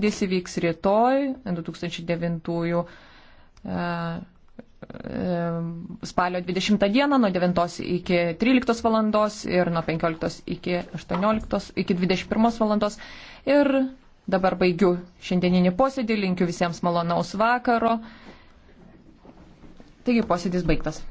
Jis įvyks rytoj 2009 e, e, spalio 20 dieną nuo 9 iki 13 valandos ir nuo 15 iki 18 iki 21 valandos. Ir dabar baigiu šiandieninį posėdį, linkiu visiems malonaus vakaro. Taigi posėdis baigtas.